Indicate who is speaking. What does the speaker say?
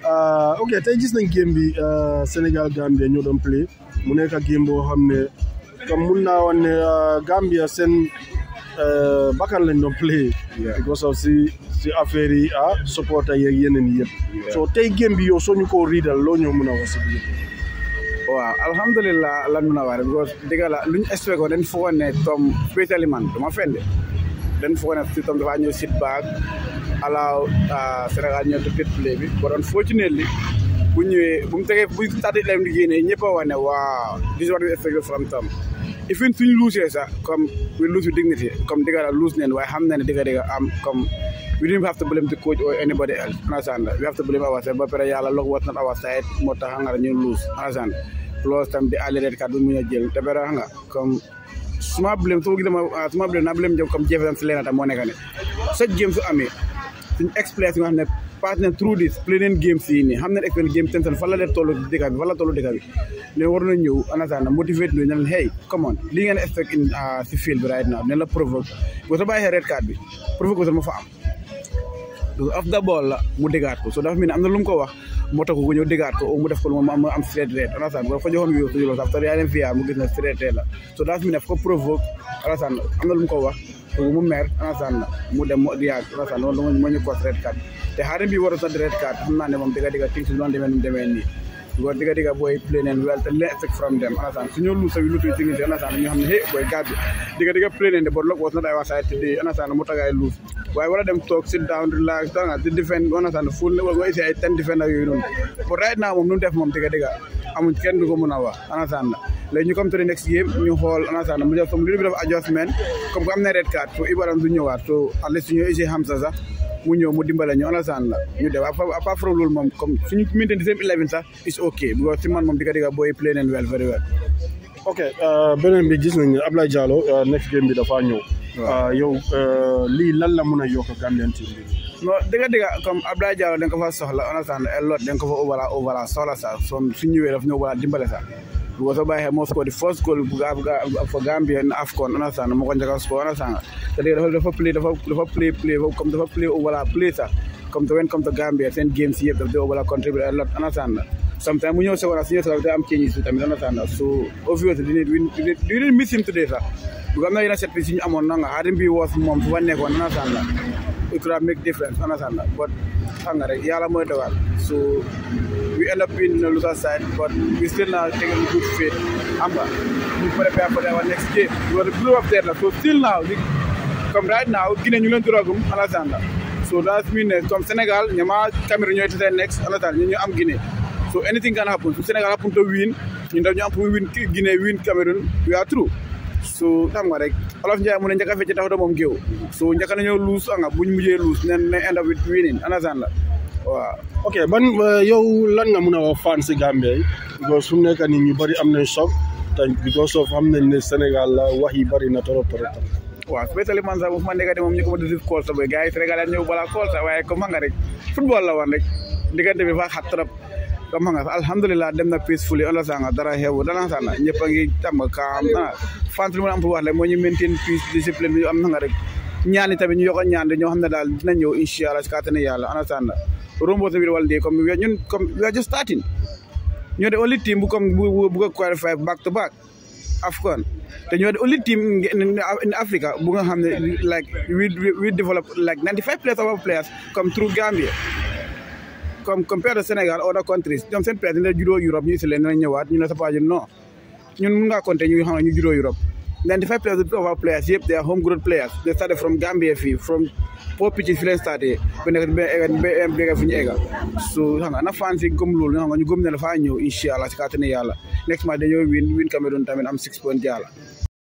Speaker 1: Euh, ok tey gis nañ game bi euh, Sénégal Gambia ñoo doon play mu nekk game boo xam ne comme mun naa wax ne euh, Gambia seen bakkan lañ doon play because of si si affaire yi
Speaker 2: ah supporter yeeg yeneen yi yëpp so tey game bi yow soo ñu koo riidal loo ñëw mën a wax waaw alhamdulilah lan na a wax rek because dëgg la luñ expecté ko dañ foogoon ne comme féetali man duma fende den foogna sitom dafa ñëw sit baak ala euh, Sénégal ñëw to pet bi waɗon fortunately bu ñëwee bu mu tegee bu stade lem di génnee ñëpp a wax ne waaw this is what we expected from luusee sax comme we lose with dignity comme dëgg la luus neen waaye xam na ne dëgg am comme we didn't have to blame the coach or anybody else understand we have to blame ourselves ba pare yàlla look was not our moo tax nga ñu luus understand plus tam di àll red card bu mu ñu suma problème ah, suma gis naa problème jëm comme Jefferson Sillera tam moo nekk ne chaque game su amee suñu expérience yi nga ne pass na through this pleneen si yi nii xam nañ expérience game ten fan la leen toll dëkk bi fan la toll bi ne war nañ ñëw anasaan na motivate ñu leen hey come on lii ngeen expect in ah, si field bi right now ne la provoque boo sa bàyyi red card bi provoque ko fa am af da ball la mu déggaat ko so dafa mel ne am na lu mu ko wax moto ko ñu déggaat ko mu def ko mo am am straight red alasan ko fa joxoon wiw suñu sax tor yaa leen fiyaa mu gis na straight red la so daas mi ne ko provoque alasan am na lu ko wax ko mu mer alasan mu dem mu diyaag alasan loolu mo ñu ko red card te haram bi war a red card xam na ne mom diga diga ting si doon demen nu demee nii diga diga boy play nen well to let's take from them understand lu you lose you lose things understand you have he boy god diga diga play nen the but look was not our side today mu tagay lose waaye wala dem toog sit down relax tanga di defend understand full go isi ay ten defend ak yooyu noonu pour right now moom nu def moom dëgg dëgg amuñ kenn du ko mën a wax understand léegi ñu come to the next game ñu mu def some little bit of adjustment comme que am na red du ñëwaat so at least ñu isi Hamza sax mu ñëw mu dimbale ñu understand la ñu def apart from loolu moom comme suñu maintain the same eleven sax is ok because si man moom dëgg dëgg booy play nañ well very
Speaker 1: ok euh, beneen bi gis nañ Ablaye Diallo euh, Ah, yow euh, lii lan la mën a yokk Gambian ci mbir
Speaker 2: non dëgg dëgg comme Abdoulaye Diallo da nga ko fa soxla understand a lot fa overall soxla sax so su ñëwee daf ñëw wala dimbale sax because soo bàyyee moo score the first goal for Gambia in AFCON understand moo ko njëkk a score understand cest dafa dafa dafa dafa play play comme dafa play overall play sax comme to wen comme to games yëpp daf dee overall contribute a lot sometimes we also want to see yourself I'm changing to them so obviously you need we need you need miss him today sir because I'm not in a set position I'm on nanga hadn't be worth mom for so we end up being in the loser side but we still now taking good faith ñu leen duragum understand that so that's mean that come Senegal ñama Cameroon ñoy tete next am Guinea So anything can happen. So Senegal happen to win, ñu dañu am win Guinea, win Cameroon, we are through. So tam nga rek Olof Ndiaye mu ne njaka fecc tax do mom geew. So njaka nañu lose nga buñ mujjé lose nen end up with winning. Understand la. Waaw. Okay, ban yow lan nga mëna wax
Speaker 1: fans Gambia because fu nekk ni ñu bari am nañ shock tan because of am nañ ne Senegal la wax yi bari na torop torop.
Speaker 2: waaw especially man sax man nekk moom ñu ko ma def kool sa boy gars yi Sénégal ñëw balaa sa waaye ko ma nga rek football la woon rek diggante bi fa xat trop kama nga alhamdulillah dem na peacefully ala sanga dara xewu dara sana ñëpp a ngi tamba kaam ah fant lu mu am wax le moo ñu maintain peace discipline bi am na nga rek ñaani ñu yokk ñaan ñoo xam ne daal dina ñëw incha allah si kàttan yàlla ana sànna rombo tamit wala dee comme ñun comme we are just starting ñoo de only team bu comme bu bu ko qualify back to back afcon te ñoo de only team in africa bu nga xam ne like we we develop like 95 players of our players come through Gambia comme compare to Sénégal other countries ñoom seen président la juddoo Europe ñu si leen dinañ ñëwaat ñu ne sa paa ñun non ñun mun ngaa compter ñu xam ne ñu juddoo Europe. ninety five percent of our players yëpp they are home grown players they started from Gambia fii from poor pitches fi leen starté ba nekk ba egg ba egg fu ñu egga so xam nga na fan si gëm loolu ñu xam nga ñu gëm ne dafaa ñëw incha allah si kàttanu yàlla next match dañoo win win Cameroon tamit am six points jàll